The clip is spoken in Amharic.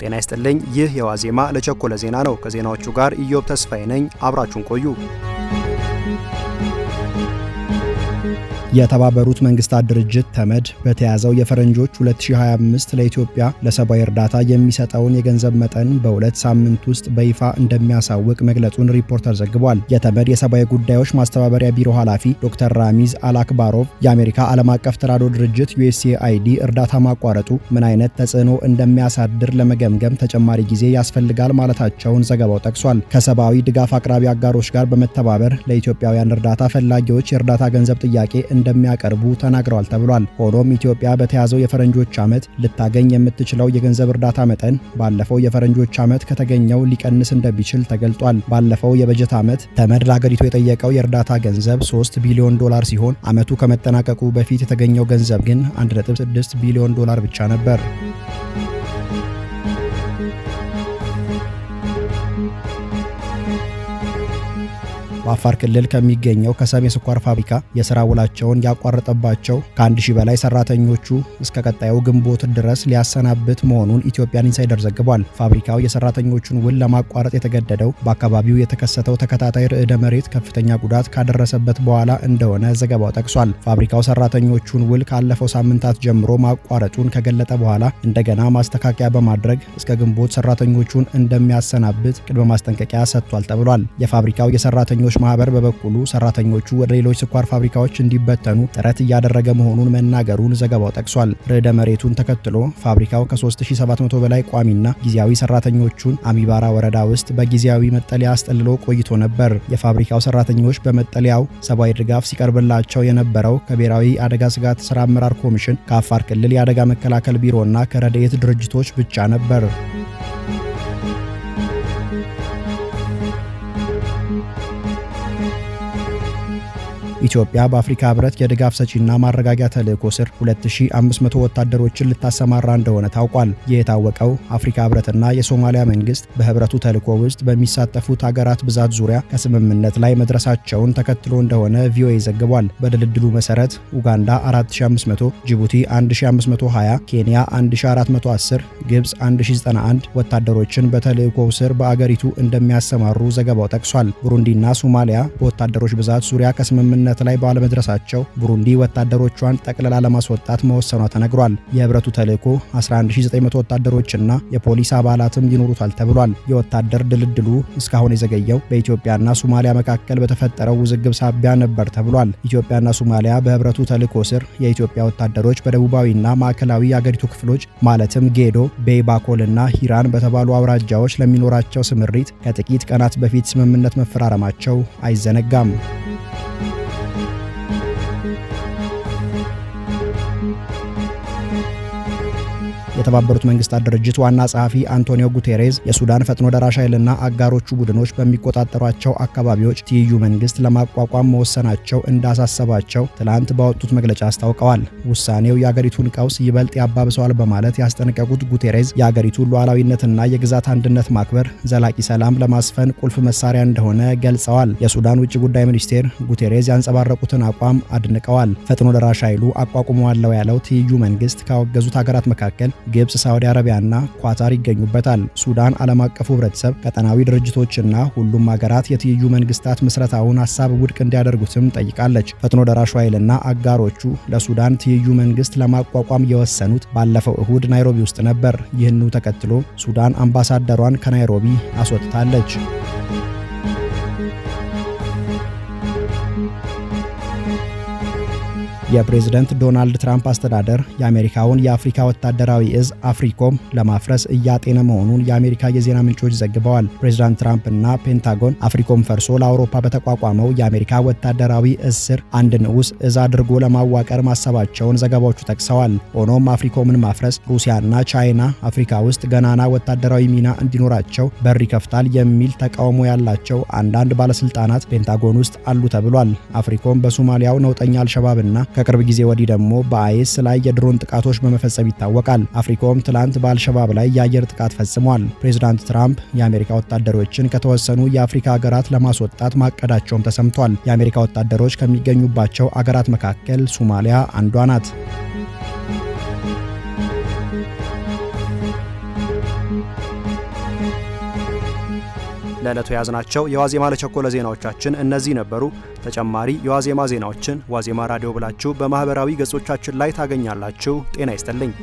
ጤና ይስጥልኝ። ይህ የዋዜማ ለቸኮለ ዜና ነው። ከዜናዎቹ ጋር ኢዮብ ተስፋዬ ነኝ። አብራችሁን ቆዩ። የተባበሩት መንግስታት ድርጅት ተመድ በተያዘው የፈረንጆች 2025 ለኢትዮጵያ ለሰብአዊ እርዳታ የሚሰጠውን የገንዘብ መጠን በሁለት ሳምንት ውስጥ በይፋ እንደሚያሳውቅ መግለጹን ሪፖርተር ዘግቧል። የተመድ የሰብአዊ ጉዳዮች ማስተባበሪያ ቢሮ ኃላፊ ዶክተር ራሚዝ አላክባሮቭ የአሜሪካ ዓለም አቀፍ ተራድኦ ድርጅት ዩኤስኤአይዲ እርዳታ ማቋረጡ ምን አይነት ተጽዕኖ እንደሚያሳድር ለመገምገም ተጨማሪ ጊዜ ያስፈልጋል ማለታቸውን ዘገባው ጠቅሷል። ከሰብአዊ ድጋፍ አቅራቢ አጋሮች ጋር በመተባበር ለኢትዮጵያውያን እርዳታ ፈላጊዎች የእርዳታ ገንዘብ ጥያቄ እንደሚያቀርቡ ተናግረዋል ተብሏል። ሆኖም ኢትዮጵያ በተያዘው የፈረንጆች ዓመት ልታገኝ የምትችለው የገንዘብ እርዳታ መጠን ባለፈው የፈረንጆች ዓመት ከተገኘው ሊቀንስ እንደሚችል ተገልጧል። ባለፈው የበጀት ዓመት ተመድ ለአገሪቱ የጠየቀው የእርዳታ ገንዘብ 3 ቢሊዮን ዶላር ሲሆን ዓመቱ ከመጠናቀቁ በፊት የተገኘው ገንዘብ ግን 1.6 ቢሊዮን ዶላር ብቻ ነበር። በአፋር ክልል ከሚገኘው ከሰሜ ስኳር ፋብሪካ የሥራ ውላቸውን ያቋረጠባቸው ከአንድ ሺህ በላይ ሰራተኞቹ እስከ ቀጣዩ ግንቦት ድረስ ሊያሰናብት መሆኑን ኢትዮጵያን ኢንሳይደር ዘግቧል። ፋብሪካው የሰራተኞቹን ውል ለማቋረጥ የተገደደው በአካባቢው የተከሰተው ተከታታይ ርዕደ መሬት ከፍተኛ ጉዳት ካደረሰበት በኋላ እንደሆነ ዘገባው ጠቅሷል። ፋብሪካው ሰራተኞቹን ውል ካለፈው ሳምንታት ጀምሮ ማቋረጡን ከገለጠ በኋላ እንደገና ማስተካከያ በማድረግ እስከ ግንቦት ሰራተኞቹን እንደሚያሰናብት ቅድመ ማስጠንቀቂያ ሰጥቷል ተብሏል። የፋብሪካው የሰራተኞች ሸማቾች ማህበር በበኩሉ ሰራተኞቹ ወደ ሌሎች ስኳር ፋብሪካዎች እንዲበተኑ ጥረት እያደረገ መሆኑን መናገሩን ዘገባው ጠቅሷል። ርዕደ መሬቱን ተከትሎ ፋብሪካው ከ3700 በላይ ቋሚና ጊዜያዊ ሰራተኞቹን አሚባራ ወረዳ ውስጥ በጊዜያዊ መጠለያ አስጠልሎ ቆይቶ ነበር። የፋብሪካው ሰራተኞች በመጠለያው ሰብአዊ ድጋፍ ሲቀርብላቸው የነበረው ከብሔራዊ አደጋ ስጋት ስራ አመራር ኮሚሽን፣ ከአፋር ክልል የአደጋ መከላከል ቢሮና ከረድኤት ድርጅቶች ብቻ ነበር። ኢትዮጵያ በአፍሪካ ህብረት የድጋፍ ሰጪና ማረጋጊያ ተልዕኮ ስር 2500 ወታደሮችን ልታሰማራ እንደሆነ ታውቋል። ይህ የታወቀው አፍሪካ ህብረትና የሶማሊያ መንግስት በህብረቱ ተልዕኮ ውስጥ በሚሳተፉት ሀገራት ብዛት ዙሪያ ከስምምነት ላይ መድረሳቸውን ተከትሎ እንደሆነ ቪኦኤ ዘግቧል። በድልድሉ መሰረት ኡጋንዳ 4500፣ ጅቡቲ 1520፣ ኬንያ 1410፣ ግብፅ 1091 ወታደሮችን በተልዕኮው ስር በአገሪቱ እንደሚያሰማሩ ዘገባው ጠቅሷል። ቡሩንዲና ሶማሊያ በወታደሮች ብዛት ዙሪያ ከስምምነት ስምምነት ላይ ባለመድረሳቸው ቡሩንዲ ወታደሮቿን ጠቅልላ ለማስወጣት መወሰኗ ተነግሯል። የህብረቱ ተልዕኮ 11900 ወታደሮችና የፖሊስ አባላትም ይኖሩታል ተብሏል። የወታደር ድልድሉ እስካሁን የዘገየው በኢትዮጵያና ሶማሊያ መካከል በተፈጠረው ውዝግብ ሳቢያ ነበር ተብሏል። ኢትዮጵያና ሶማሊያ በህብረቱ ተልዕኮ ስር የኢትዮጵያ ወታደሮች በደቡባዊና ማዕከላዊ የአገሪቱ ክፍሎች ማለትም ጌዶ፣ ቤይ ና ሂራን በተባሉ አውራጃዎች ለሚኖራቸው ስምሪት ከጥቂት ቀናት በፊት ስምምነት መፈራረማቸው አይዘነጋም። Thank you. የተባበሩት መንግስታት ድርጅት ዋና ጸሐፊ አንቶኒዮ ጉቴሬዝ የሱዳን ፈጥኖ ደራሽ ኃይልና አጋሮቹ ቡድኖች በሚቆጣጠሯቸው አካባቢዎች ትይዩ መንግስት ለማቋቋም መወሰናቸው እንዳሳሰባቸው ትላንት ባወጡት መግለጫ አስታውቀዋል። ውሳኔው የአገሪቱን ቀውስ ይበልጥ ያባብሰዋል በማለት ያስጠነቀቁት ጉቴሬዝ የአገሪቱን ሉዓላዊነትና የግዛት አንድነት ማክበር ዘላቂ ሰላም ለማስፈን ቁልፍ መሳሪያ እንደሆነ ገልጸዋል። የሱዳን ውጭ ጉዳይ ሚኒስቴር ጉቴሬዝ ያንጸባረቁትን አቋም አድንቀዋል። ፈጥኖ ደራሽ ኃይሉ አቋቁመዋለው ያለው ትይዩ መንግስት ካወገዙት ሀገራት መካከል ግብፅ፣ ሳዑዲ አረቢያና ኳታር ይገኙበታል። ሱዳን ዓለም አቀፉ ህብረተሰብ፣ ቀጠናዊ ድርጅቶችና ሁሉም ሀገራት የትይዩ መንግስታት ምስረታውን ሀሳብ ውድቅ እንዲያደርጉትም ጠይቃለች። ፈጥኖ ደራሹ ኃይልና አጋሮቹ ለሱዳን ትይዩ መንግስት ለማቋቋም የወሰኑት ባለፈው እሁድ ናይሮቢ ውስጥ ነበር። ይህኑ ተከትሎ ሱዳን አምባሳደሯን ከናይሮቢ አስወጥታለች። የፕሬዝደንት ዶናልድ ትራምፕ አስተዳደር የአሜሪካውን የአፍሪካ ወታደራዊ እዝ አፍሪኮም ለማፍረስ እያጤነ መሆኑን የአሜሪካ የዜና ምንጮች ዘግበዋል። ፕሬዝዳንት ትራምፕ እና ፔንታጎን አፍሪኮም ፈርሶ ለአውሮፓ በተቋቋመው የአሜሪካ ወታደራዊ እዝ ስር አንድ ንዑስ እዝ አድርጎ ለማዋቀር ማሰባቸውን ዘገባዎቹ ጠቅሰዋል። ሆኖም አፍሪኮምን ማፍረስ ሩሲያና ቻይና አፍሪካ ውስጥ ገናና ወታደራዊ ሚና እንዲኖራቸው በር ይከፍታል የሚል ተቃውሞ ያላቸው አንዳንድ ባለስልጣናት ፔንታጎን ውስጥ አሉ ተብሏል። አፍሪኮም በሶማሊያው ነውጠኛ አልሸባብና ከቅርብ ጊዜ ወዲህ ደግሞ በአይስ ላይ የድሮን ጥቃቶች በመፈጸም ይታወቃል። አፍሪኮም ትላንት በአልሸባብ ላይ የአየር ጥቃት ፈጽሟል። ፕሬዚዳንት ትራምፕ የአሜሪካ ወታደሮችን ከተወሰኑ የአፍሪካ ሀገራት ለማስወጣት ማቀዳቸውም ተሰምቷል። የአሜሪካ ወታደሮች ከሚገኙባቸው አገራት መካከል ሶማሊያ አንዷ ናት። ለዕለቱ የያዝናቸው የዋዜማ ለቸኮለ ዜናዎቻችን እነዚህ ነበሩ። ተጨማሪ የዋዜማ ዜናዎችን ዋዜማ ራዲዮ ብላችሁ በማኅበራዊ ገጾቻችን ላይ ታገኛላችሁ። ጤና ይስጥልኝ።